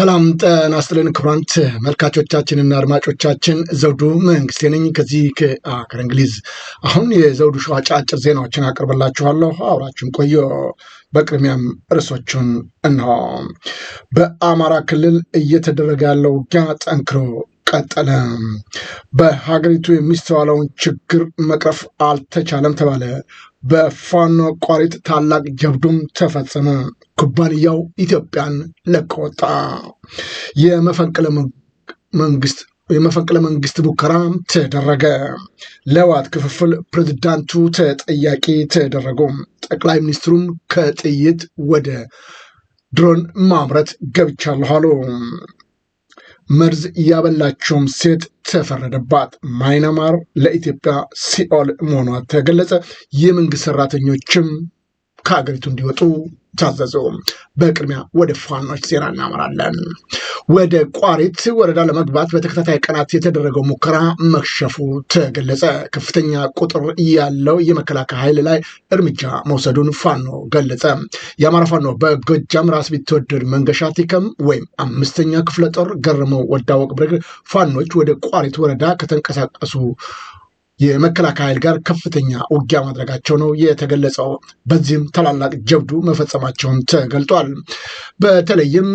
ሰላም ጤና ይስጥልን ክቡራን ተመልካቾቻችንና አድማጮቻችን ዘውዱ መንግስቴ ነኝ ከዚህ ከአገረ እንግሊዝ። አሁን የዘውዱ ሾው አጫጭር ዜናዎችን አቀርብላችኋለሁ፣ አብራችሁን ቆዩ። በቅድሚያም ርዕሶቹን እንሆ። በአማራ ክልል እየተደረገ ያለው ውጊያ ጠንክሮ ቀጠለ። በሀገሪቱ የሚስተዋለውን ችግር መቅረፍ አልተቻለም ተባለ። በፋኖ ቋሪት ታላቅ ጀብዱም ተፈጸመ። ኩባንያው ኢትዮጵያን ለቆ የመፈንቅለ መንግስት የመፈንቅለ መንግስት ሙከራ ተደረገ። ለዋት ክፍፍል ፕሬዝዳንቱ ተጠያቂ ተደረጉ። ጠቅላይ ሚኒስትሩም ከጥይት ወደ ድሮን ማምረት ገብቻለሁ አሉ። መርዝ ያበላቸውም ሴት ተፈረደባት። ማይናማር ለኢትዮጵያ ሲኦል መሆኗ ተገለጸ። የመንግስት ሰራተኞችም ከሀገሪቱ እንዲወጡ ታዘዙ። በቅድሚያ ወደ ፋኖች ዜና እናመራለን። ወደ ቋሪት ወረዳ ለመግባት በተከታታይ ቀናት የተደረገው ሙከራ መክሸፉ ተገለጸ። ከፍተኛ ቁጥር ያለው የመከላከያ ኃይል ላይ እርምጃ መውሰዱን ፋኖ ገለጸ። የአማራ ፋኖ በጎጃም ራስ ቢትወደድ መንገሻ ቲከም ወይም አምስተኛ ክፍለ ጦር ገርመው ወዳወቅ ብርግ ፋኖች ወደ ቋሪት ወረዳ ከተንቀሳቀሱ የመከላከያ ኃይል ጋር ከፍተኛ ውጊያ ማድረጋቸው ነው የተገለጸው። በዚህም ታላላቅ ጀብዱ መፈጸማቸውን ተገልጧል። በተለይም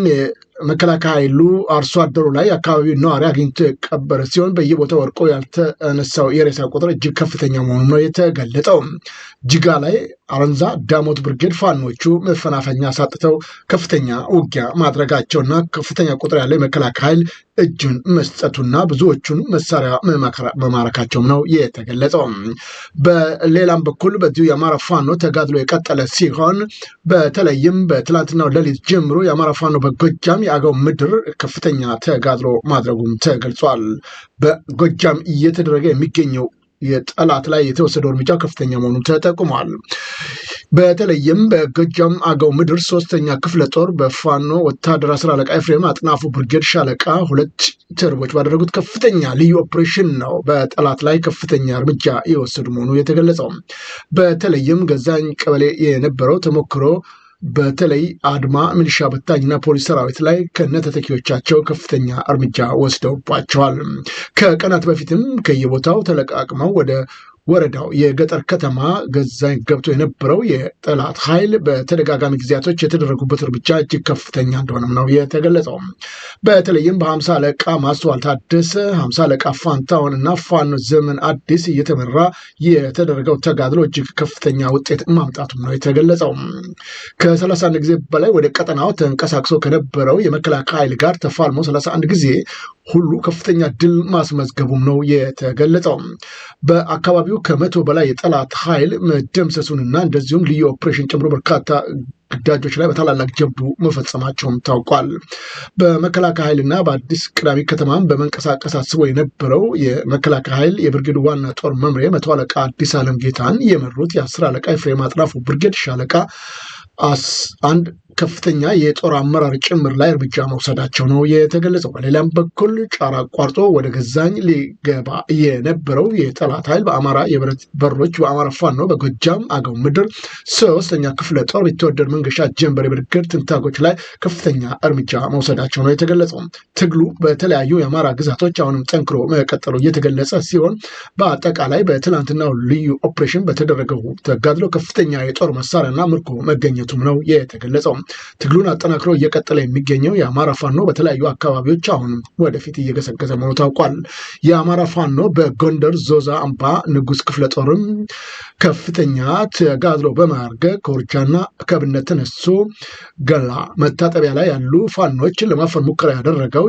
መከላከያ ኃይሉ አርሶ አደሩ ላይ አካባቢ ነዋሪ አግኝቶ የቀበረ ሲሆን በየቦታው ወርቆ ያልተነሳው የሬሳ ቁጥር እጅግ ከፍተኛ መሆኑ ነው የተገለጠው። ጅጋ ላይ አረንዛ ዳሞት ብርጌድ ፋኖቹ መፈናፈኛ አሳጥተው ከፍተኛ ውጊያ ማድረጋቸውና ከፍተኛ ቁጥር ያለው የመከላከያ ኃይል እጁን መስጠቱና ብዙዎቹን መሳሪያ መማረካቸውም ነው የተገለጸው። በሌላም በኩል በዚሁ የአማራ ፋኖ ተጋድሎ የቀጠለ ሲሆን በተለይም በትላንትናው ሌሊት ጀምሮ የአማራ ፋኖ በጎጃም የአገው ምድር ከፍተኛ ተጋድሎ ማድረጉም ተገልጿል። በጎጃም እየተደረገ የሚገኘው የጠላት ላይ የተወሰደው እርምጃ ከፍተኛ መሆኑ ተጠቁሟል። በተለይም በጎጃም አገው ምድር ሶስተኛ ክፍለ ጦር በፋኖ ወታደር አስር አለቃ ኤፍሬም አጥናፉ ብርጌድ ሻለቃ ሁለት ተርቦች ባደረጉት ከፍተኛ ልዩ ኦፕሬሽን ነው በጠላት ላይ ከፍተኛ እርምጃ የወሰዱ መሆኑ የተገለጸው። በተለይም ገዛኝ ቀበሌ የነበረው ተሞክሮ በተለይ አድማ ሚሊሻ በታኝና ፖሊስ ሰራዊት ላይ ከነ ከፍተኛ እርምጃ ወስደውባቸዋል። ከቀናት በፊትም ከየቦታው ተለቃቅመው ወደ ወረዳው የገጠር ከተማ ገዛኝ ገብቶ የነበረው የጠላት ኃይል በተደጋጋሚ ጊዜያቶች የተደረጉበት እርምጃ እጅግ ከፍተኛ እንደሆነም ነው የተገለጸው። በተለይም በሀምሳ አለቃ ማስተዋል ታደሰ፣ ሀምሳ አለቃ ፋንታውን እና ፋኖ ዘመን አዲስ እየተመራ የተደረገው ተጋድሎ እጅግ ከፍተኛ ውጤት ማምጣቱም ነው የተገለጸው። ከሰላሳ አንድ ጊዜ በላይ ወደ ቀጠናው ተንቀሳቅሶ ከነበረው የመከላከያ ኃይል ጋር ተፋልሞ ሰላሳ አንድ ጊዜ ሁሉ ከፍተኛ ድል ማስመዝገቡም ነው የተገለጸው። በአካባቢው ከመቶ በላይ የጠላት ኃይል መደምሰሱንና እንደዚሁም ልዩ ኦፕሬሽን ጨምሮ በርካታ ግዳጆች ላይ በታላላቅ ጀብዱ መፈጸማቸውም ታውቋል። በመከላከያ ኃይልና በአዲስ ቅዳሜ ከተማም በመንቀሳቀስ አስቦ የነበረው የመከላከያ ኃይል የብርጌድ ዋና ጦር መምሪያ መቶ አለቃ አዲስ አለም ጌታን የመሩት የአስር አለቃ የፍሬም አጥራፉ ብርጌድ ሻለቃ አንድ ከፍተኛ የጦር አመራር ጭምር ላይ እርምጃ መውሰዳቸው ነው የተገለጸው። በሌላም በኩል ጫራ አቋርጦ ወደ ገዛኝ ሊገባ የነበረው የጠላት ኃይል በአማራ የብረት በሮች በአማራ ፋኖ በጎጃም አገው ምድር ሶስተኛ ክፍለ ጦር የተወደድ መንገሻ ጀንበር የብርግድ ትንታጎች ላይ ከፍተኛ እርምጃ መውሰዳቸው ነው የተገለጸው። ትግሉ በተለያዩ የአማራ ግዛቶች አሁንም ጠንክሮ መቀጠሉ እየተገለጸ ሲሆን በአጠቃላይ በትናንትናው ልዩ ኦፕሬሽን በተደረገው ተጋድሎ ከፍተኛ የጦር መሳሪያና ምርኮ መገኘቱም ነው የተገለጸው። ትግሉን አጠናክሮ እየቀጠለ የሚገኘው የአማራ ፋኖ በተለያዩ አካባቢዎች አሁንም ወደፊት እየገሰገሰ መሆኑ ታውቋል። የአማራ ፋኖ በጎንደር ዞዛ አምባ ንጉስ ክፍለ ጦርም ከፍተኛ ተጋድሎ በማርገ ከውርጃና ከብነት ተነሶ ገላ መታጠቢያ ላይ ያሉ ፋኖችን ለማፈን ሙከራ ያደረገው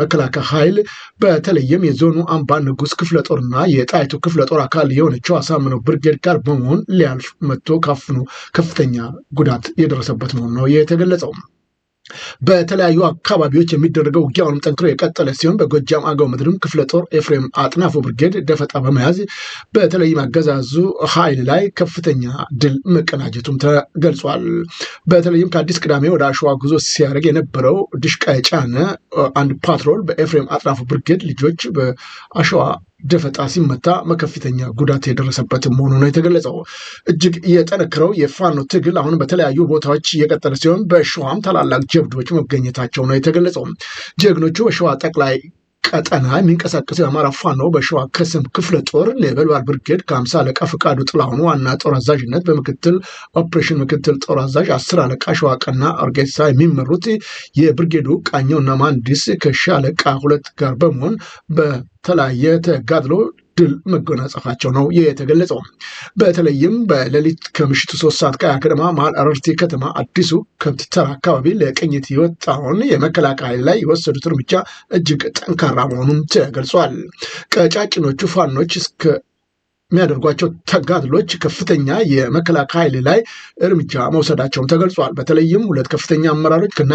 መከላከያ ኃይል በተለይም የዞኑ አምባ ንጉስ ክፍለ ጦርና የጣይቱ ክፍለ ጦር አካል የሆነችው አሳምነው ብርጌድ ጋር በመሆን ሊያልፍ መጥቶ ካፍኖ ከፍተኛ ጉዳት የደረሰበት መሆኑ ነው የተገለጸው። በተለያዩ አካባቢዎች የሚደረገው ውጊያውንም ጠንክሮ የቀጠለ ሲሆን በጎጃም አገው ምድርም ክፍለ ጦር ኤፍሬም አጥናፉ ብርጌድ ደፈጣ በመያዝ በተለይም አገዛዙ ኃይል ላይ ከፍተኛ ድል መቀናጀቱም ተገልጿል። በተለይም ከአዲስ ቅዳሜ ወደ አሸዋ ጉዞ ሲያደርግ የነበረው ድሽቃ የጫነ አንድ ፓትሮል በኤፍሬም አጥናፉ ብርጌድ ልጆች በአሸዋ ደፈጣ ሲመታ ከፍተኛ ጉዳት የደረሰበት መሆኑ ነው የተገለጸው። እጅግ የጠነክረው የፋኖ ትግል አሁን በተለያዩ ቦታዎች እየቀጠለ ሲሆን በሸዋም ታላላቅ ጀብዶች መገኘታቸው ነው የተገለጸው። ጀግኖቹ በሸዋ ጠቅላይ ቀጠና የሚንቀሳቀሰው የአማራ ፋኖ በሸዋ ከስም ክፍለ ጦር ነበልባል ብርጌድ ከአምሳ አለቃ ፍቃዱ ጥላሁኑ ዋና ጦር አዛዥነት በምክትል ኦፕሬሽን ምክትል ጦር አዛዥ አስር አለቃ ሸዋቀና ኦርጌሳ የሚመሩት የብርጌዱ ቃኘውና መሐንዲስ ከሻለቃ ሁለት ጋር በመሆን በተለያየ ተጋድሎ ድል መጎናጸፋቸው ነው የተገለጸው። በተለይም በሌሊት ከምሽቱ ሶስት ሰዓት ቀያ ከተማ መሀል አረርቲ ከተማ አዲሱ ከብት ተራ አካባቢ ለቅኝት የወጣውን የመከላከያ ኃይል ላይ የወሰዱት እርምጃ እጅግ ጠንካራ መሆኑን ተገልጿል። ቀጫጭኖቹ ፋኖች እስከ የሚያደርጓቸው ተጋድሎች ከፍተኛ የመከላከያ ኃይል ላይ እርምጃ መውሰዳቸውም ተገልጿል። በተለይም ሁለት ከፍተኛ አመራሮች ከነ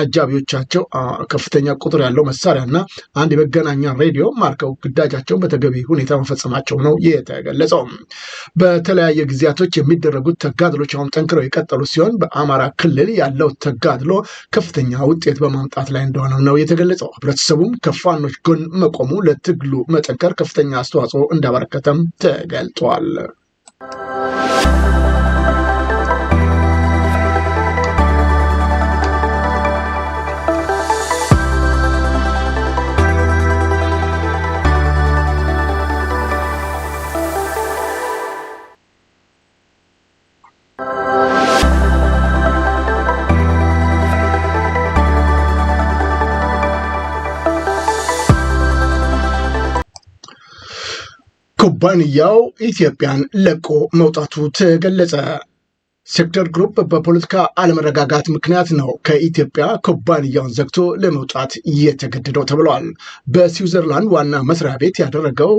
ከፍተኛ ቁጥር ያለው መሳሪያና አንድ የመገናኛ ሬዲዮ ማርከው ግዳጃቸውን በተገቢ ሁኔታ መፈጸማቸው ነው የተገለጸው። በተለያየ ጊዜያቶች የሚደረጉት ተጋድሎች አሁን ጠንክረው የቀጠሉ ሲሆን በአማራ ክልል ያለው ተጋድሎ ከፍተኛ ውጤት በማምጣት ላይ እንደሆነ ነው የተገለጸው። ህብረተሰቡም ከፋኖች ጎን መቆሙ ለትግሉ መጠንከር ከፍተኛ አስተዋጽኦ እንዳበረከተም ተገልጧል። ገልጸዋል። ኩባንያው ኢትዮጵያን ለቆ መውጣቱ ተገለጸ። ሴክተር ግሩፕ በፖለቲካ አለመረጋጋት ምክንያት ነው ከኢትዮጵያ ኩባንያውን ዘግቶ ለመውጣት እየተገደደው ተብለዋል። በስዊዘርላንድ ዋና መስሪያ ቤት ያደረገው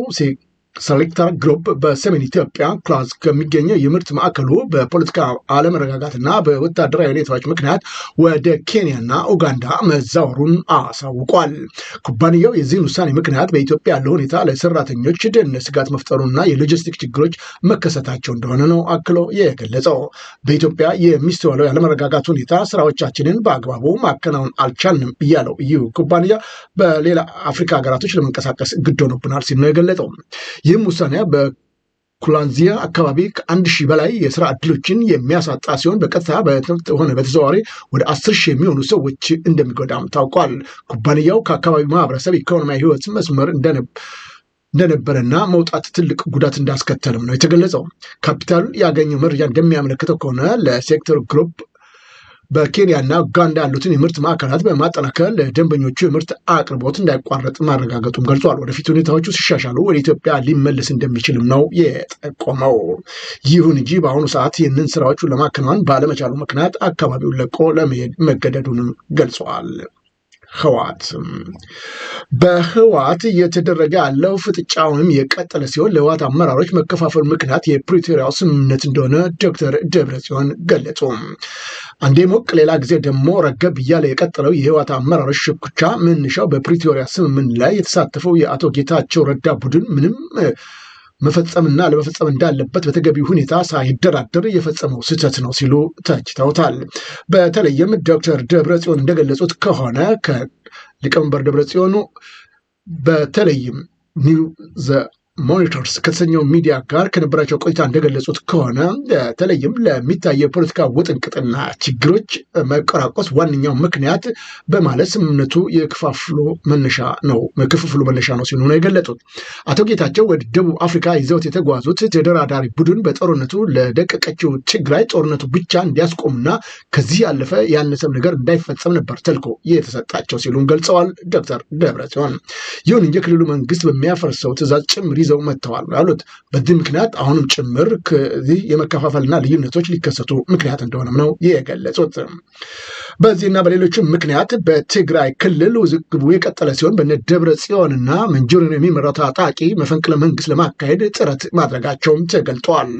ሰሌክተር ግሩፕ በሰሜን ኢትዮጵያ ክላስ ከሚገኘው የምርት ማዕከሉ በፖለቲካ አለመረጋጋትና በወታደራዊ ሁኔታዎች ምክንያት ወደ ኬንያና ኡጋንዳ መዛወሩን አሳውቋል። ኩባንያው የዚህን ውሳኔ ምክንያት በኢትዮጵያ ያለው ሁኔታ ለሰራተኞች ደህንነት ስጋት መፍጠሩና የሎጂስቲክ ችግሮች መከሰታቸው እንደሆነ ነው አክሎ የገለጸው። በኢትዮጵያ የሚስተዋለው ያለመረጋጋት ሁኔታ ስራዎቻችንን በአግባቡ ማከናወን አልቻልንም እያለው ይህ ኩባንያ በሌላ አፍሪካ ሀገራቶች ለመንቀሳቀስ ግድ ሆኖብናል ሲል ነው ይህም ውሳኔ በኩላንዚያ አካባቢ ከአንድ ሺህ በላይ የስራ እድሎችን የሚያሳጣ ሲሆን በቀጥታ ሆነ በተዘዋዋሪ ወደ አስር ሺህ የሚሆኑ ሰዎች እንደሚጎዳም ታውቋል። ኩባንያው ከአካባቢ ማህበረሰብ ኢኮኖሚያዊ ህይወት መስመር እንደነበረና መውጣት ትልቅ ጉዳት እንዳስከተልም ነው የተገለጸው። ካፒታል ያገኘው መረጃ እንደሚያመለክተው ከሆነ ለሴክተር ግሩፕ በኬንያና ኡጋንዳ ያሉትን የምርት ማዕከላት በማጠናከር ለደንበኞቹ የምርት አቅርቦት እንዳይቋረጥ ማረጋገጡም ገልጿል። ወደፊት ሁኔታዎቹ ሲሻሻሉ ወደ ኢትዮጵያ ሊመለስ እንደሚችልም ነው የጠቆመው። ይሁን እንጂ በአሁኑ ሰዓት ይህንን ስራዎቹን ለማከናወን ባለመቻሉ ምክንያት አካባቢውን ለቆ ለመሄድ መገደዱንም ገልጸዋል። ህወሓት በህወሓት እየተደረገ ያለው ወይም የቀጠለ ሲሆን ለህወሓት አመራሮች መከፋፈል ምክንያት የፕሪቶሪያው ስምምነት እንደሆነ ዶክተር ጽዮን ገለጹ። አንዴ ሞቅ ሌላ ጊዜ ደግሞ ረገብ እያለ የቀጠለው የህወሓት አመራሮች ሽኩቻ መነሻው በፕሪቶሪያ ስምምነት ላይ የተሳተፈው የአቶ ጌታቸው ረዳ ቡድን ምንም መፈጸምና ለመፈጸም እንዳለበት በተገቢ ሁኔታ ሳይደራደር የፈጸመው ስህተት ነው ሲሉ ተችተውታል። በተለይም ዶክተር ደብረ ጽዮን እንደገለጹት ከሆነ ከሊቀመንበር ደብረ ጽዮኑ በተለይም ኒው ዘ ሞኒተርስ ከተሰኘው ሚዲያ ጋር ከነበራቸው ቆይታ እንደገለጹት ከሆነ በተለይም ለሚታየው የፖለቲካ ውጥንቅጥና ችግሮች መቆራቆስ ዋነኛው ምክንያት በማለት ስምምነቱ የክፋፍሎ መነሻ ነው ክፍፍሉ መነሻ ነው ሲሉ ነው የገለጹት። አቶ ጌታቸው ወደ ደቡብ አፍሪካ ይዘውት የተጓዙት ተደራዳሪ ቡድን በጦርነቱ ለደቀቀችው ትግራይ ጦርነቱ ብቻ እንዲያስቆምና ከዚህ ያለፈ ያነሰም ነገር እንዳይፈጸም ነበር ተልኮ የተሰጣቸው ሲሉም ገልጸዋል። ዶክተር ደብረ ሲሆን ይሁን እንጂ ክልሉ መንግስት በሚያፈርሰው ትእዛዝ ጭምር ይዘው መጥተዋል ያሉት በዚህ ምክንያት አሁንም ጭምር ከዚህ የመከፋፈልና ልዩነቶች ሊከሰቱ ምክንያት እንደሆነም ነው የገለጹት። በዚህና በሌሎችም ምክንያት በትግራይ ክልል ውዝግቡ የቀጠለ ሲሆን በነ ደብረ ጽዮንና መንጀሪን የሚመራው ታጣቂ መፈንቅለ መንግስት ለማካሄድ ጥረት ማድረጋቸውም ተገልጧል።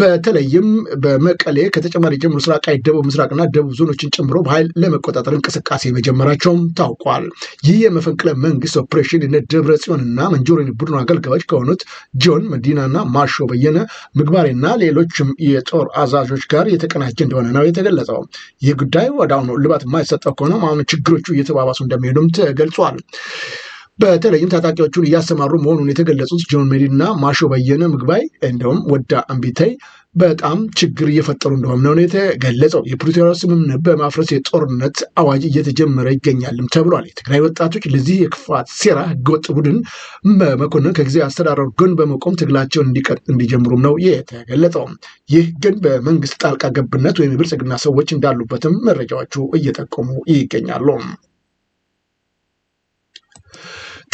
በተለይም በመቀሌ ከተጨማሪ ጀምሮ ምስራቃዊ ደቡብ ምስራቅና ደቡብ ዞኖችን ጨምሮ በኃይል ለመቆጣጠር እንቅስቃሴ መጀመራቸውም ታውቋል። ይህ የመፈንቅለ መንግስት ኦፕሬሽን የነ ደብረ ጽዮንና መንጀሪን ቡድኑ አገልጋዮች ከሆኑት ጆን መዲናና ማሾ በየነ ምግባሬና ሌሎችም የጦር አዛዦች ጋር የተቀናጀ እንደሆነ ነው የተገለጸው። ይህ ጉዳይ ወደ ነው ልባት የማይሰጠው ከሆነ አሁን ችግሮቹ እየተባባሱ እንደሚሄዱም ተገልጿል። በተለይም ታጣቂዎቹን እያሰማሩ መሆኑን የተገለጹት ጆን ሜዲን እና ማሾ በየነ ምግባይ እንዲሁም ወዳ እምቢተይ በጣም ችግር እየፈጠሩ እንደሆነ ነው የተገለጸው። የፕሪቶሪያ ስምምነት በማፍረስ የጦርነት አዋጅ እየተጀመረ ይገኛልም ተብሏል። የትግራይ ወጣቶች ለዚህ የክፋት ሴራ ህገወጥ ቡድን በመኮንን ከጊዜ አስተዳደሩ ጎን በመቆም ትግላቸውን እንዲጀምሩም ነው የተገለጸው። ይህ ግን በመንግስት ጣልቃ ገብነት ወይም የብልጽግና ሰዎች እንዳሉበትም መረጃዎቹ እየጠቆሙ ይገኛሉ።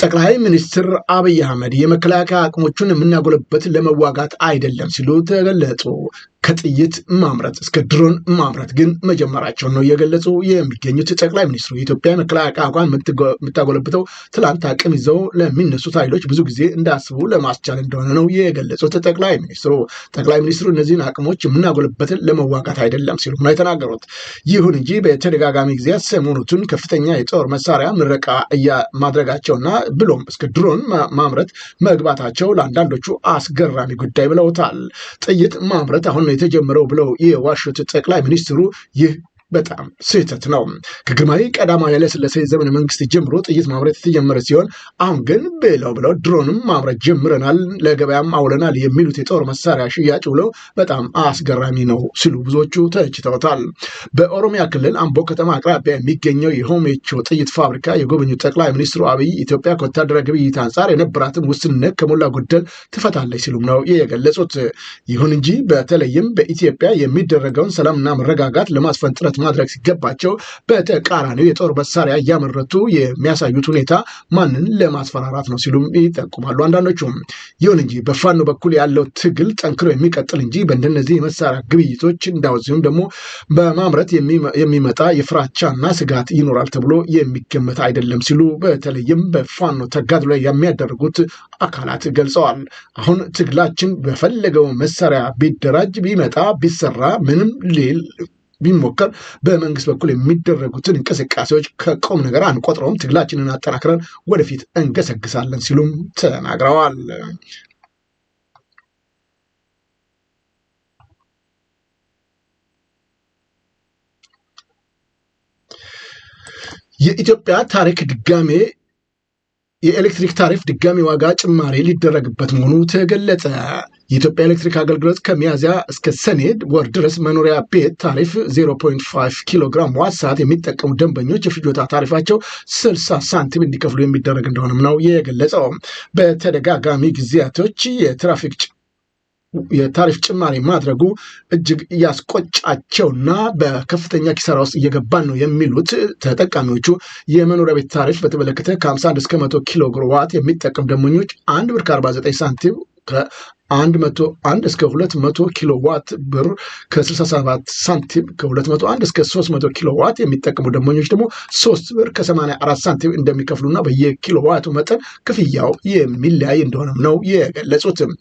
ጠቅላይ ሚኒስትር አብይ አህመድ የመከላከያ አቅሞቹን የምናጎለበት ለመዋጋት አይደለም ሲሉ ተገለጹ። ከጥይት ማምረት እስከ ድሮን ማምረት ግን መጀመራቸውን ነው እየገለጹ የሚገኙት ጠቅላይ ሚኒስትሩ። የኢትዮጵያ መከላከያ አቋም የምታጎለብተው ትላንት አቅም ይዘው ለሚነሱት ኃይሎች ብዙ ጊዜ እንዳስቡ ለማስቻል እንደሆነ ነው የገለጹት ጠቅላይ ሚኒስትሩ። ጠቅላይ ሚኒስትሩ እነዚህን አቅሞች የምናጎለበትን ለመዋጋት አይደለም ሲሉ ነው የተናገሩት። ይሁን እንጂ በተደጋጋሚ ጊዜያት ሰሞኑን ከፍተኛ የጦር መሳሪያ ምረቃ ማድረጋቸውና ብሎም እስከ ድሮን ማምረት መግባታቸው ለአንዳንዶቹ አስገራሚ ጉዳይ ብለውታል። ጥይት ማምረት አሁን ነው የተጀመረው ብለው የዋሹት ጠቅላይ ሚኒስትሩ ይህ በጣም ስህተት ነው። ከግርማዊ ቀዳማዊ ኃይለሥላሴ ዘመነ መንግስት ጀምሮ ጥይት ማምረት የተጀመረ ሲሆን አሁን ግን ብለው ብለው ድሮንም ማምረት ጀምረናል፣ ለገበያም አውለናል የሚሉት የጦር መሳሪያ ሽያጭ ብለው በጣም አስገራሚ ነው ሲሉ ብዙዎቹ ተችተውታል። በኦሮሚያ ክልል አምቦ ከተማ አቅራቢያ የሚገኘው የሆሜቾ ጥይት ፋብሪካ የጎበኙት ጠቅላይ ሚኒስትሩ አብይ ኢትዮጵያ ከወታደራዊ ግብይት አንጻር የነበራትን ውስንነት ከሞላ ጎደል ትፈታለች ሲሉም ነው የገለጹት። ይሁን እንጂ በተለይም በኢትዮጵያ የሚደረገውን ሰላምና መረጋጋት ለማስፈን ጥረት ማድረግ ሲገባቸው በተቃራኒው የጦር መሳሪያ እያመረቱ የሚያሳዩት ሁኔታ ማንን ለማስፈራራት ነው ሲሉም ይጠቁማሉ አንዳንዶቹም። ይሁን እንጂ በፋኖ በኩል ያለው ትግል ጠንክሮ የሚቀጥል እንጂ በእንደነዚህ የመሳሪያ ግብይቶች እንዳወዚሁም ደግሞ በማምረት የሚመጣ የፍራቻና ስጋት ይኖራል ተብሎ የሚገመት አይደለም ሲሉ በተለይም በፋኖ ተጋድሎ ላይ የሚያደርጉት አካላት ገልጸዋል። አሁን ትግላችን በፈለገው መሳሪያ ቢደራጅ ቢመጣ ቢሰራ ምንም ሌል ቢሞከር በመንግስት በኩል የሚደረጉትን እንቅስቃሴዎች ከቆም ነገር አንቆጥረውም፣ ትግላችንን አጠናክረን ወደፊት እንገሰግሳለን ሲሉም ተናግረዋል። የኢትዮጵያ ታሪክ ድጋሜ የኤሌክትሪክ ታሪፍ ድጋሚ ዋጋ ጭማሪ ሊደረግበት መሆኑ ተገለጸ። የኢትዮጵያ ኤሌክትሪክ አገልግሎት ከሚያዚያ እስከ ሰኔ ወር ድረስ መኖሪያ ቤት ታሪፍ 0.5 ኪሎ ግራም ዋት ሰዓት የሚጠቀሙ ደንበኞች የፍጆታ ታሪፋቸው 60 ሳንቲም እንዲከፍሉ የሚደረግ እንደሆነም ነው የገለጸው። በተደጋጋሚ ጊዜያቶች የትራፊክ የታሪፍ ጭማሪ ማድረጉ እጅግ እያስቆጫቸውና በከፍተኛ ኪሳራ ውስጥ እየገባን ነው የሚሉት ተጠቃሚዎቹ የመኖሪያ ቤት ታሪፍ በተመለከተ ከ51 እስከ 100 ኪሎ ግሮዋት የሚጠቀሙ ደንበኞች አንድ ብር ከ49 ሳንቲም 101 እስከ 200 ኪሎ ዋት ብር ከ67 ሳንቲም፣ ከ201 እስከ 300 ኪሎ ዋት የሚጠቀሙ ደንበኞች ደግሞ 3 ብር ከ84 ሳንቲም እንደሚከፍሉና በየኪሎ ዋቱ መጠን ክፍያው የሚለያይ እንደሆነም ነው የገለጹትም።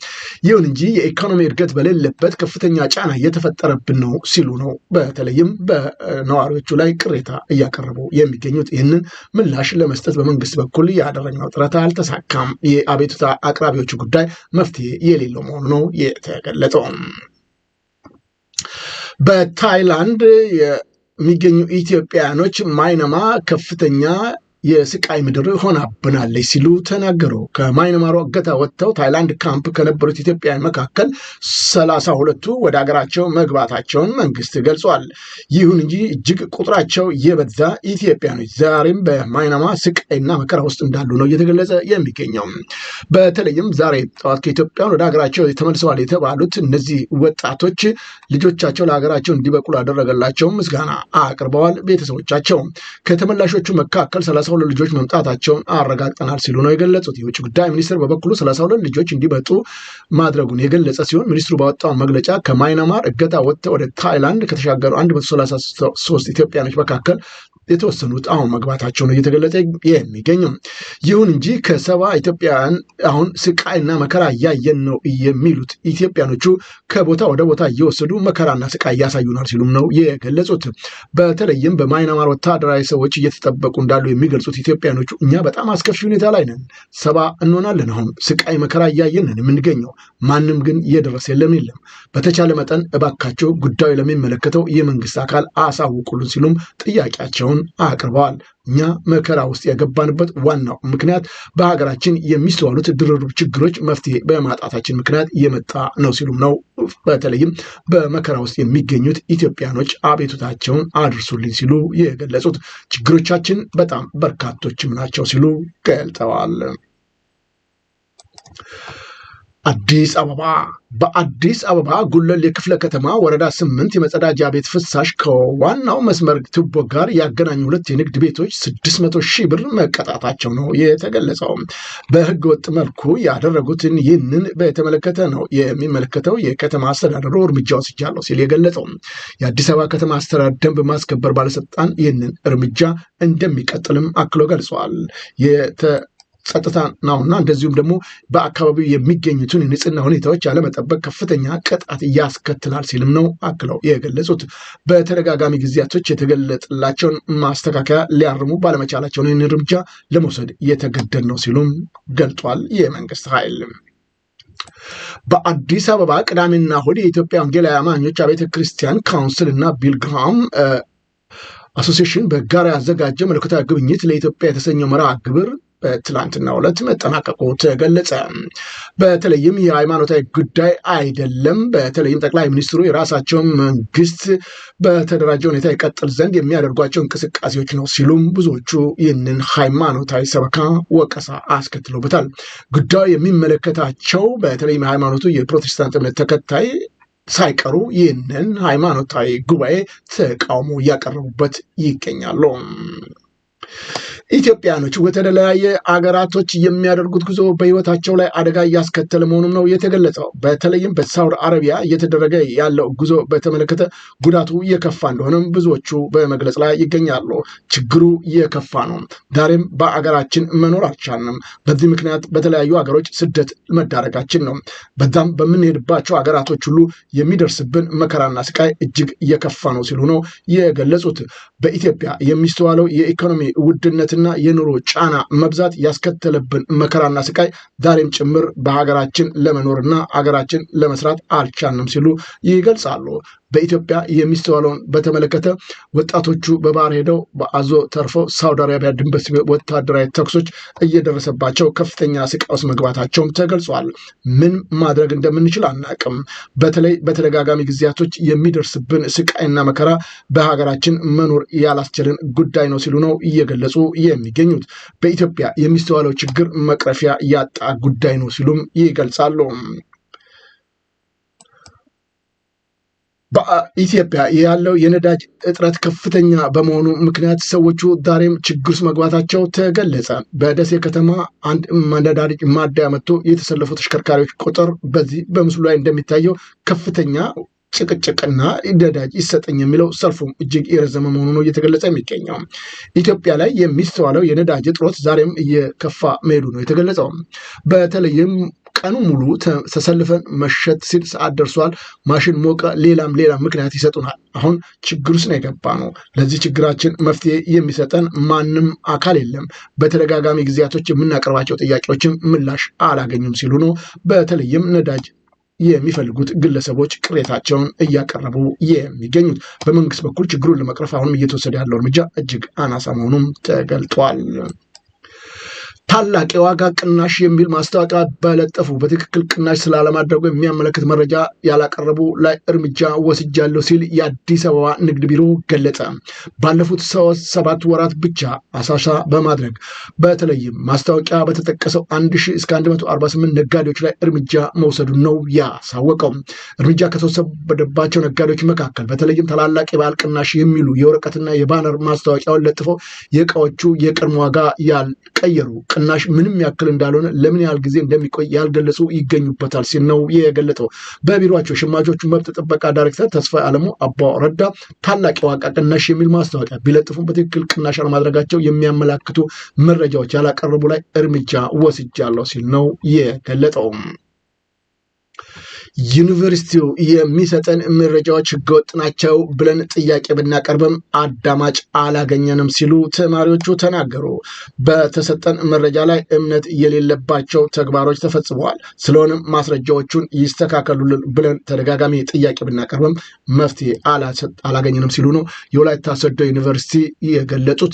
ይሁን እንጂ የኢኮኖሚ እድገት በሌለበት ከፍተኛ ጫና እየተፈጠረብን ነው ሲሉ ነው በተለይም በነዋሪዎቹ ላይ ቅሬታ እያቀረቡ የሚገኙት። ይህንን ምላሽ ለመስጠት በመንግስት በኩል ያደረግነው ጥረት አልተሳካም። የአቤቱታ አቅራቢዎቹ ጉዳይ መፍትሄ የሌለው በመሆኑ ነው የተገለጸው። በታይላንድ የሚገኙ ኢትዮጵያውያኖች ማይነማ ከፍተኛ የስቃይ ምድር ሆናብናለች ሲሉ ተናገሩ። ከማይንማሮ እገታ ወጥተው ታይላንድ ካምፕ ከነበሩት ኢትዮጵያውያን መካከል ሰላሳ ሁለቱ ወደ ሀገራቸው መግባታቸውን መንግስት ገልጿል። ይሁን እንጂ እጅግ ቁጥራቸው የበዛ ኢትዮጵያኖች ዛሬም በማይናማ ስቃይና መከራ ውስጥ እንዳሉ ነው እየተገለጸ የሚገኘው። በተለይም ዛሬ ጠዋት ከኢትዮጵያን ወደ ሀገራቸው ተመልሰዋል የተባሉት እነዚህ ወጣቶች ልጆቻቸው ለሀገራቸው እንዲበቁ ላደረገላቸው ምስጋና አቅርበዋል። ቤተሰቦቻቸው ከተመላሾቹ መካከል ሰላሳ ሁለት ልጆች መምጣታቸውን አረጋግጠናል ሲሉ ነው የገለጹት። የውጭ ጉዳይ ሚኒስትር በበኩሉ ሰላሳ ሁለት ልጆች እንዲመጡ ማድረጉን የገለጸ ሲሆን ሚኒስትሩ ባወጣው መግለጫ ከማይናማር እገታ ወጥተው ወደ ታይላንድ ከተሻገሩ ሶስት ኢትዮጵያኖች መካከል የተወሰኑት አሁን መግባታቸው ነው እየተገለጸ የሚገኘው። ይሁን እንጂ ከሰባ ኢትዮጵያውያን አሁን ስቃይና መከራ እያየን ነው የሚሉት ኢትዮጵያኖቹ ከቦታ ወደ ቦታ እየወሰዱ መከራና ስቃይ እያሳዩናል ሲሉም ነው የገለጹት። በተለይም በማይናማር ወታደራዊ ሰዎች እየተጠበቁ እንዳሉ የሚገልጹት ኢትዮጵያኖቹ እኛ በጣም አስከፊ ሁኔታ ላይ ነን፣ ሰባ እንሆናለን። አሁን ስቃይ መከራ እያየን የምንገኘው። ማንም ግን እየደረሰ የለም የለም። በተቻለ መጠን እባካቸው ጉዳዩ ለሚመለከተው የመንግስት አካል አሳውቁልን ሲሉም ጥያቄያቸው ቅሬታቸውን አቅርበዋል። እኛ መከራ ውስጥ የገባንበት ዋናው ምክንያት በሀገራችን የሚስተዋሉት ድርር ችግሮች መፍትሄ በማጣታችን ምክንያት የመጣ ነው ሲሉም ነው። በተለይም በመከራ ውስጥ የሚገኙት ኢትዮጵያኖች አቤቱታቸውን አድርሱልኝ ሲሉ የገለጹት ችግሮቻችን በጣም በርካቶችም ናቸው ሲሉ ገልጠዋል። አዲስ አበባ በአዲስ አበባ ጉለሌ ክፍለ ከተማ ወረዳ ስምንት የመጸዳጃ ቤት ፍሳሽ ከዋናው መስመር ቱቦ ጋር ያገናኙ ሁለት የንግድ ቤቶች ስድስት ሺህ ብር መቀጣታቸው ነው የተገለጸው። በህገ ወጥ መልኩ ያደረጉትን ይህንን በተመለከተ ነው የሚመለከተው የከተማ አስተዳደሩ እርምጃ ወስጃለሁ ሲል የገለጸው። የአዲስ አበባ ከተማ አስተዳደር ደንብ ማስከበር ባለስልጣን ይህንን እርምጃ እንደሚቀጥልም አክሎ ገልጸዋል። ጸጥታ ነውና እንደዚሁም ደግሞ በአካባቢው የሚገኙትን የንጽህና ሁኔታዎች ያለመጠበቅ ከፍተኛ ቅጣት ያስከትላል ሲልም ነው አክለው የገለጹት። በተደጋጋሚ ጊዜያቶች የተገለጥላቸውን ማስተካከያ ሊያርሙ ባለመቻላቸውን ይህን እርምጃ ለመውሰድ እየተገደድ ነው ሲሉም ገልጧል። የመንግስት ኃይል በአዲስ አበባ ቅዳሜና እሁድ የኢትዮጵያ ወንጌላዊ አማኞች አብያተ ክርስቲያን ካውንስል እና ቢልግራም አሶሲሽን በጋራ ያዘጋጀ መለኮታዊ ጉብኝት ለኢትዮጵያ የተሰኘው መርሃ ግብር በትላንትና ዕለት መጠናቀቁ ተገለጸ። በተለይም የሃይማኖታዊ ጉዳይ አይደለም። በተለይም ጠቅላይ ሚኒስትሩ የራሳቸውን መንግስት በተደራጀ ሁኔታ ይቀጥል ዘንድ የሚያደርጓቸው እንቅስቃሴዎች ነው ሲሉም ብዙዎቹ ይህንን ሃይማኖታዊ ሰበካ ወቀሳ አስከትለውበታል። ጉዳዩ የሚመለከታቸው በተለይም ሃይማኖቱ የፕሮቴስታንት እምነት ተከታይ ሳይቀሩ ይህንን ሃይማኖታዊ ጉባኤ ተቃውሞ እያቀረቡበት ይገኛሉ። ኢትዮጵያኖች ወደተለያየ አገራቶች የሚያደርጉት ጉዞ በህይወታቸው ላይ አደጋ እያስከተለ መሆኑም ነው የተገለጸው። በተለይም በሳውዲ አረቢያ እየተደረገ ያለው ጉዞ በተመለከተ ጉዳቱ የከፋ እንደሆነም ብዙዎቹ በመግለጽ ላይ ይገኛሉ። ችግሩ የከፋ ነው። ዛሬም በአገራችን መኖር አልቻልንም። በዚህ ምክንያት በተለያዩ ሀገሮች ስደት መዳረጋችን ነው። በዛም በምንሄድባቸው ሀገራቶች ሁሉ የሚደርስብን መከራና ስቃይ እጅግ የከፋ ነው ሲሉ ነው የገለጹት። በኢትዮጵያ የሚስተዋለው የኢኮኖሚ ውድነትን የግጭትና የኑሮ ጫና መብዛት ያስከተለብን መከራና ስቃይ ዛሬም ጭምር በሀገራችን ለመኖርና ሀገራችን ለመስራት አልቻንም ሲሉ ይገልጻሉ። በኢትዮጵያ የሚስተዋለውን በተመለከተ ወጣቶቹ በባህር ሄደው በአዞ ተርፈው ሳውዲ አረቢያ ድንበር ወታደራዊ ተኩሶች እየደረሰባቸው ከፍተኛ ስቃይ ውስጥ መግባታቸውም ተገልጿል። ምን ማድረግ እንደምንችል አናቅም። በተለይ በተደጋጋሚ ጊዜያቶች የሚደርስብን ስቃይና መከራ በሀገራችን መኖር ያላስችልን ጉዳይ ነው ሲሉ ነው እየገለጹ የሚገኙት። በኢትዮጵያ የሚስተዋለው ችግር መቅረፊያ ያጣ ጉዳይ ነው ሲሉም ይገልጻሉ። በኢትዮጵያ ያለው የነዳጅ እጥረት ከፍተኛ በመሆኑ ምክንያት ሰዎቹ ዛሬም ችግር ውስጥ መግባታቸው ተገለጸ። በደሴ ከተማ አንድ ነዳጅ ማደያ መጥቶ የተሰለፉ ተሽከርካሪዎች ቁጥር በዚህ በምስሉ ላይ እንደሚታየው ከፍተኛ ጭቅጭቅና ነዳጅ ይሰጠኝ የሚለው ሰልፉም እጅግ የረዘመ መሆኑ ነው እየተገለጸ የሚገኘው። ኢትዮጵያ ላይ የሚስተዋለው የነዳጅ እጥረት ዛሬም እየከፋ መሄዱ ነው የተገለጸው። በተለይም ቀኑ ሙሉ ተሰልፈን መሸት ሲል ሰዓት ደርሷል፣ ማሽን ሞቀ፣ ሌላም ሌላም ምክንያት ይሰጡናል። አሁን ችግር ውስጥ የገባ ነው። ለዚህ ችግራችን መፍትሄ የሚሰጠን ማንም አካል የለም። በተደጋጋሚ ጊዜያቶች የምናቀርባቸው ጥያቄዎችም ምላሽ አላገኙም ሲሉ ነው በተለይም ነዳጅ የሚፈልጉት ግለሰቦች ቅሬታቸውን እያቀረቡ የሚገኙት። በመንግስት በኩል ችግሩን ለመቅረፍ አሁንም እየተወሰደ ያለው እርምጃ እጅግ አናሳ መሆኑም ተገልጧል። ታላቅ የዋጋ ቅናሽ የሚል ማስታወቂያ በለጠፉ በትክክል ቅናሽ ስላለማድረጉ የሚያመለክት መረጃ ያላቀረቡ ላይ እርምጃ ወስጃለሁ ሲል የአዲስ አበባ ንግድ ቢሮ ገለጸ። ባለፉት ሰባት ወራት ብቻ አሳሳ በማድረግ በተለይም ማስታወቂያ በተጠቀሰው 1 ሺህ እስከ 148 ነጋዴዎች ላይ እርምጃ መውሰዱን ነው ያሳወቀው። እርምጃ ከተወሰደባቸው ነጋዴዎች መካከል በተለይም ታላላቅ የበዓል ቅናሽ የሚሉ የወረቀትና የባነር ማስታወቂያውን ለጥፈው የእቃዎቹ የቀድሞ ዋጋ ያልቀየሩ ቅናሽ ምንም ያክል እንዳልሆነ ለምን ያህል ጊዜ እንደሚቆይ ያልገለጹ ይገኙበታል ሲል ነው የገለጠው። በቢሯቸው ሸማቾቹ መብት ጥበቃ ዳይሬክተር ተስፋ አለሙ አባ ረዳ ታላቅ የዋጋ ቅናሽ የሚል ማስታወቂያ ቢለጥፉም በትክክል ቅናሽ አለማድረጋቸው የሚያመላክቱ መረጃዎች ያላቀረቡ ላይ እርምጃ ወስጃለሁ ሲል ነው የገለጠው። ዩኒቨርሲቲው የሚሰጠን መረጃዎች ህገወጥ ናቸው ብለን ጥያቄ ብናቀርብም አዳማጭ አላገኘንም ሲሉ ተማሪዎቹ ተናገሩ። በተሰጠን መረጃ ላይ እምነት የሌለባቸው ተግባሮች ተፈጽመዋል። ስለሆነም ማስረጃዎቹን ይስተካከሉልን ብለን ተደጋጋሚ ጥያቄ ብናቀርብም መፍትሄ አላገኘንም ሲሉ ነው የወላይታ ሶዶ ዩኒቨርሲቲ የገለጹት።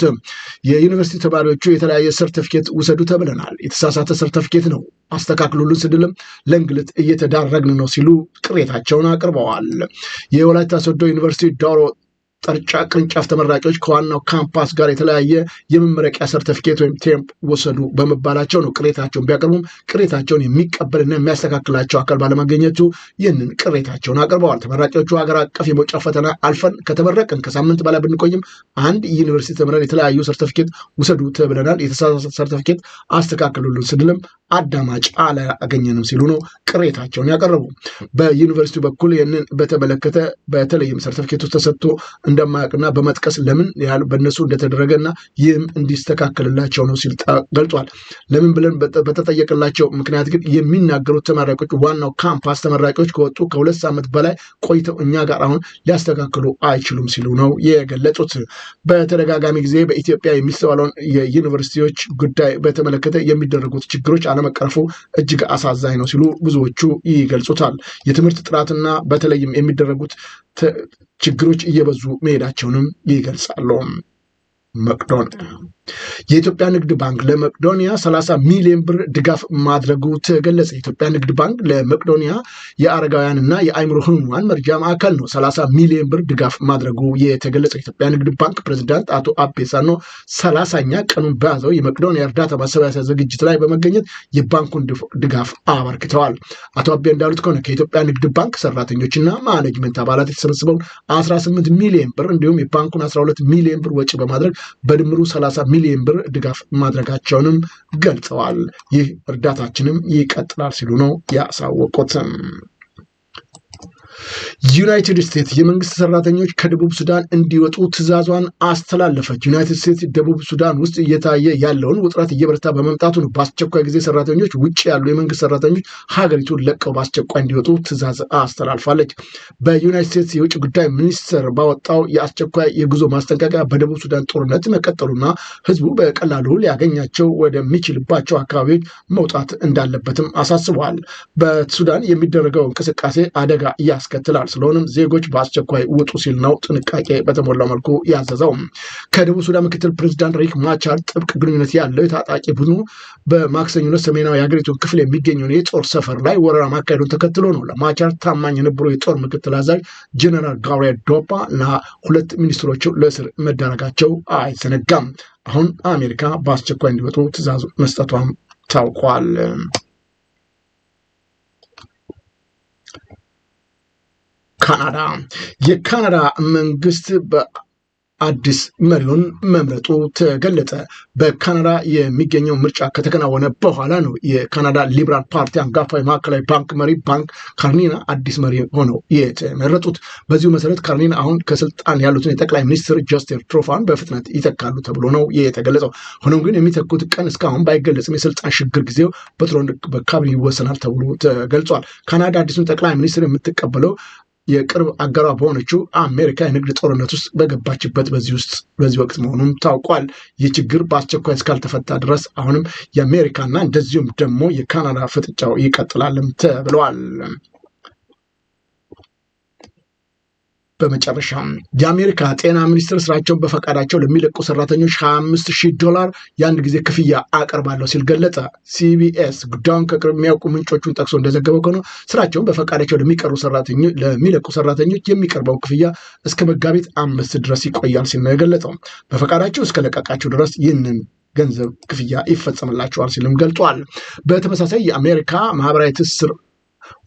የዩኒቨርሲቲ ተማሪዎቹ የተለያየ ሰርተፍኬት ውሰዱ ተብለናል። የተሳሳተ ሰርተፍኬት ነው አስተካክሉልን ስንልም ለእንግልት እየተዳረግን ነው ነው ሲሉ ቅሬታቸውን አቅርበዋል። የወላይታ ሶዶ ዩኒቨርሲቲ ዶሮ ጠርጫ ቅርንጫፍ ተመራቂዎች ከዋናው ካምፓስ ጋር የተለያየ የመመረቂያ ሰርተፊኬት ወይም ቴምፕ ወሰዱ በመባላቸው ነው ቅሬታቸውን ቢያቀርቡም ቅሬታቸውን የሚቀበልና የሚያስተካክላቸው አካል ባለማገኘቱ ይህንን ቅሬታቸውን አቅርበዋል። ተመራቂዎቹ ሀገር አቀፍ የመውጫ ፈተና አልፈን ከተመረቅን ከሳምንት በላይ ብንቆይም አንድ ዩኒቨርሲቲ ተምረን የተለያዩ ሰርተፊኬት ውሰዱ ተብለናል። የተሳሳተ ሰርተፊኬት አስተካክሉልን ስንልም አዳማጭ አላገኘንም ሲሉ ነው ቅሬታቸውን ያቀረቡ። በዩኒቨርሲቲ በኩል ይህንን በተመለከተ በተለይም ሰርተፊኬት ተሰጥቶ እንደማያውቅና በመጥቀስ ለምን ያህል በእነሱ እንደተደረገ እና ይህም እንዲስተካከልላቸው ነው ሲል ገልጿል። ለምን ብለን በተጠየቅላቸው ምክንያት ግን የሚናገሩት ተመራቂዎች ዋናው ካምፓስ ተመራቂዎች ከወጡ ከሁለት ዓመት በላይ ቆይተው እኛ ጋር አሁን ሊያስተካክሉ አይችሉም ሲሉ ነው የገለጹት። በተደጋጋሚ ጊዜ በኢትዮጵያ የሚስተዋለውን የዩኒቨርሲቲዎች ጉዳይ በተመለከተ የሚደረጉት ችግሮች አለመቀረፉ እጅግ አሳዛኝ ነው ሲሉ ብዙዎቹ ይገልጹታል። የትምህርት ጥራትና በተለይም የሚደረጉት ችግሮች እየበዙ መሄዳቸውንም ይገልጻሉ። መቅዶን የኢትዮጵያ ንግድ ባንክ ለመቅዶኒያ 30 ሚሊዮን ብር ድጋፍ ማድረጉ ተገለጸ። የኢትዮጵያ ንግድ ባንክ ለመቅዶኒያ የአረጋውያንና የአይምሮ ህሙማን መርጃ ማዕከል ነው 30 ሚሊዮን ብር ድጋፍ ማድረጉ የተገለጸው። የኢትዮጵያ ንግድ ባንክ ፕሬዚዳንት አቶ አቤ ሳኖ ሰላሳኛ ቀኑን በያዘው የመቅዶኒያ እርዳታ ማሰባሰቢያ ዝግጅት ላይ በመገኘት የባንኩን ድጋፍ አበርክተዋል። አቶ አቤ እንዳሉት ከሆነ ከኢትዮጵያ ንግድ ባንክ ሰራተኞችና ማኔጅመንት አባላት የተሰበሰበውን 18 ሚሊዮን ብር እንዲሁም የባንኩን 12 ሚሊዮን ብር ወጪ በማድረግ በድምሩ 30 ሚሊዮን ብር ድጋፍ ማድረጋቸውንም ገልጸዋል። ይህ እርዳታችንም ይቀጥላል ሲሉ ነው ያሳወቁትም። ዩናይትድ ስቴትስ የመንግስት ሰራተኞች ከደቡብ ሱዳን እንዲወጡ ትዕዛዟን አስተላለፈች። ዩናይትድ ስቴትስ ደቡብ ሱዳን ውስጥ እየታየ ያለውን ውጥረት እየበረታ በመምጣቱ ነው በአስቸኳይ ጊዜ ሰራተኞች ውጭ ያሉ የመንግስት ሰራተኞች ሀገሪቱን ለቀው በአስቸኳይ እንዲወጡ ትዕዛዝ አስተላልፋለች። በዩናይትድ ስቴትስ የውጭ ጉዳይ ሚኒስትር ባወጣው የአስቸኳይ የጉዞ ማስጠንቀቂያ በደቡብ ሱዳን ጦርነት መቀጠሉና ህዝቡ በቀላሉ ሊያገኛቸው ወደሚችልባቸው አካባቢዎች መውጣት እንዳለበትም አሳስበዋል። በሱዳን የሚደረገው እንቅስቃሴ አደጋ እያስ ያስከትላል። ስለሆነም ዜጎች በአስቸኳይ ውጡ ሲል ነው ጥንቃቄ በተሞላው መልኩ ያዘዘው። ከደቡብ ሱዳን ምክትል ፕሬዚዳንት ሪክ ማቻር ጥብቅ ግንኙነት ያለው የታጣቂ ቡድኑ በማክሰኞነት ሰሜናዊ ሀገሪቱ ክፍል የሚገኘውን የጦር ሰፈር ላይ ወረራ ማካሄዱን ተከትሎ ነው። ለማቻር ታማኝ የነበረው የጦር ምክትል አዛዥ ጀነራል ጋብርኤል ዶፓ እና ሁለት ሚኒስትሮች ለእስር መዳረጋቸው አይዘነጋም። አሁን አሜሪካ በአስቸኳይ እንዲወጡ ትዕዛዝ መስጠቷም ታውቋል። ካናዳ የካናዳ መንግስት አዲስ መሪውን መምረጡ ተገለጠ። በካናዳ የሚገኘው ምርጫ ከተከናወነ በኋላ ነው የካናዳ ሊብራል ፓርቲ አንጋፋ የማዕከላዊ ባንክ መሪ ባንክ ካርኒና አዲስ መሪ ሆነው የተመረጡት። በዚሁ መሰረት ካርኒና አሁን ከስልጣን ያሉትን የጠቅላይ ሚኒስትር ጃስቲን ትሮፋን በፍጥነት ይተካሉ ተብሎ ነው የተገለጸው። ሆኖም ግን የሚተኩት ቀን እስካሁን ባይገለጽም የስልጣን ሽግግር ጊዜው በትሮን በካቢኔ ይወሰናል ተብሎ ተገልጿል። ካናዳ አዲሱን ጠቅላይ ሚኒስትር የምትቀበለው የቅርብ አጋሯ በሆነችው አሜሪካ የንግድ ጦርነት ውስጥ በገባችበት በዚህ ውስጥ በዚህ ወቅት መሆኑም ታውቋል። ይህ ችግር በአስቸኳይ እስካልተፈታ ድረስ አሁንም የአሜሪካና እንደዚሁም ደግሞ የካናዳ ፍጥጫው ይቀጥላልም ተብለዋል። በመጨረሻ የአሜሪካ ጤና ሚኒስትር ስራቸውን በፈቃዳቸው ለሚለቁ ሰራተኞች 25 ሺህ ዶላር የአንድ ጊዜ ክፍያ አቀርባለሁ ሲል ገለጸ። ሲቢኤስ ጉዳዩን ከቅርብ የሚያውቁ ምንጮቹን ጠቅሶ እንደዘገበው ከሆነ ስራቸውን በፈቃዳቸው ለሚቀሩ ለሚለቁ ሰራተኞች የሚቀርበው ክፍያ እስከ መጋቢት አምስት ድረስ ይቆያል ሲል ነው የገለጸው። በፈቃዳቸው እስከ ለቀቃቸው ድረስ ይህንን ገንዘብ ክፍያ ይፈጸምላቸዋል ሲልም ገልጧል። በተመሳሳይ የአሜሪካ ማህበራዊ ትስስር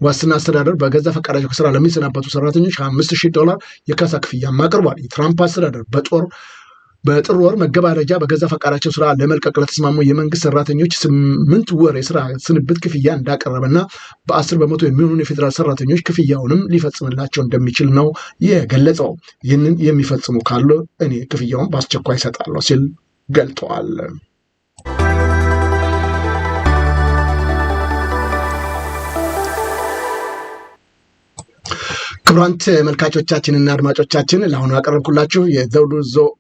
ዋስትና አስተዳደር በገዛ ፈቃዳቸው ከስራ ለሚሰናበቱ ሰራተኞች አምስት ሺህ ዶላር የካሳ ክፍያም አቅርቧል። የትራምፕ አስተዳደር በጦር በጥር ወር መገባደጃ በገዛ ፈቃዳቸው ስራ ለመልቀቅ ለተስማሙ የመንግስት ሰራተኞች ስምንት ወር የስራ ስንብት ክፍያ እንዳቀረበና በአስር በመቶ የሚሆኑ የፌዴራል ሰራተኞች ክፍያውንም ሊፈጽምላቸው እንደሚችል ነው የገለጸው። ይህንን የሚፈጽሙ ካሉ እኔ ክፍያውን በአስቸኳይ ይሰጣለሁ ሲል ገልጠዋል። ክቡራን ተመልካቾቻችንና አድማጮቻችን ለአሁኑ ያቀረብኩላችሁ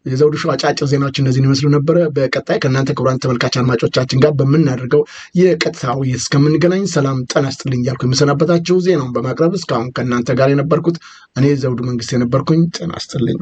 የዘውዱ ሾው አጫጭር ዜናዎች እነዚህን ይመስሉ ነበረ። በቀጣይ ከእናንተ ክቡራን ተመልካች አድማጮቻችን ጋር በምናደርገው የቀጥታ ውይይት እስከምንገናኝ ሰላም ጤና ይስጥልኝ እያልኩ የምሰናበታችሁ ዜናውን በማቅረብ እስካሁን ከእናንተ ጋር የነበርኩት እኔ ዘውዱ መንግስት የነበርኩኝ። ጤና ይስጥልኝ።